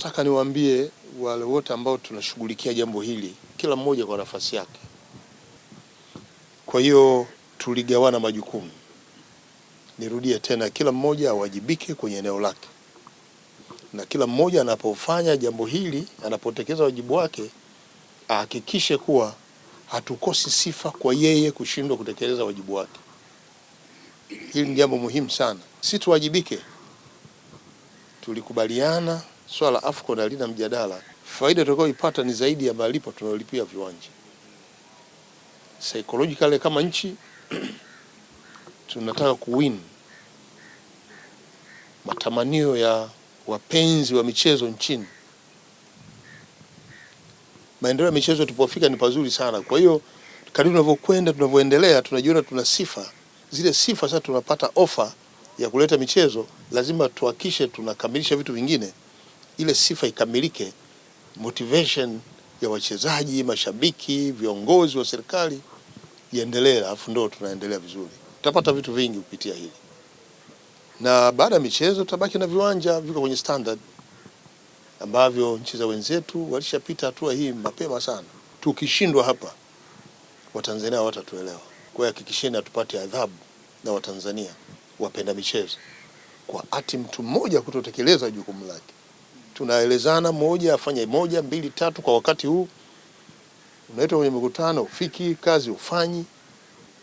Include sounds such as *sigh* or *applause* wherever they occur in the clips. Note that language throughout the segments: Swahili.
Nataka niwaambie wale wote ambao tunashughulikia jambo hili, kila mmoja kwa nafasi yake. Kwa hiyo tuligawana majukumu, nirudie tena, kila mmoja awajibike kwenye eneo lake, na kila mmoja anapofanya jambo hili, anapotekeleza wajibu wake, ahakikishe kuwa hatukosi sifa kwa yeye kushindwa kutekeleza wajibu wake. Hili ni jambo muhimu sana, si tuwajibike. Tulikubaliana swala la AFCON halina mjadala. Faida tutakayoipata ni zaidi ya malipo tunayolipia viwanja. Psychologically kama nchi *clears throat* tunataka kuwin matamanio ya wapenzi wa michezo nchini. Maendeleo ya michezo tupofika ni pazuri sana. Kwa hiyo kadri tunavyokwenda, tunavyoendelea, tunajiona tuna sifa zile sifa. Sasa tunapata ofa ya kuleta michezo, lazima tuhakishe tunakamilisha vitu vingine ile sifa ikamilike, motivation ya wachezaji, mashabiki, viongozi wa serikali iendelee, alafu ndo tunaendelea vizuri. Tutapata vitu vingi kupitia hili, na baada ya michezo tutabaki na viwanja viko kwenye standard ambavyo nchi za wenzetu walishapita hatua hii mapema sana. Tukishindwa hapa, Watanzania watatuelewa Kwa hiyo hakikisheni hatupate adhabu na Watanzania wapenda michezo kwa ati mtu mmoja kutotekeleza jukumu lake tunaelezana, moja afanye moja mbili tatu kwa wakati huu. Unaitwa kwenye mikutano, ufiki kazi ufanyi,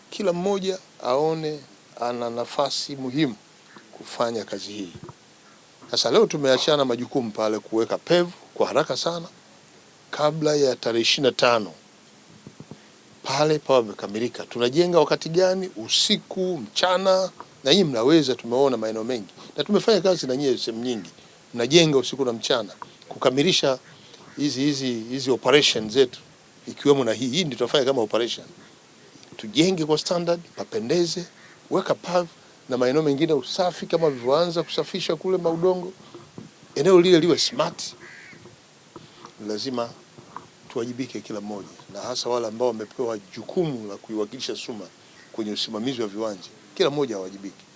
kila mmoja aone ana nafasi muhimu kufanya kazi hii. Sasa leo tumeachana majukumu pale kuweka pevu kwa haraka sana kabla ya tarehe ishirini na tano pale pawa amekamilika. Tunajenga wakati gani? Usiku, mchana, na nyinyi mnaweza, tumeona maeneo mengi na tumefanya kazi na nyinyi sehemu nyingi tunajenga usiku na mchana kukamilisha hizi hizi hizi operation zetu ikiwemo na hii hii ndio tunafanya kama operation. Tujenge kwa standard, papendeze, weka pav na maeneo mengine usafi, kama vilivyoanza kusafisha kule maudongo, eneo lile liwe smart. Lazima tuwajibike kila mmoja, na hasa wale ambao wamepewa jukumu la kuiwakilisha SUMA kwenye usimamizi wa viwanja, kila mmoja awajibike.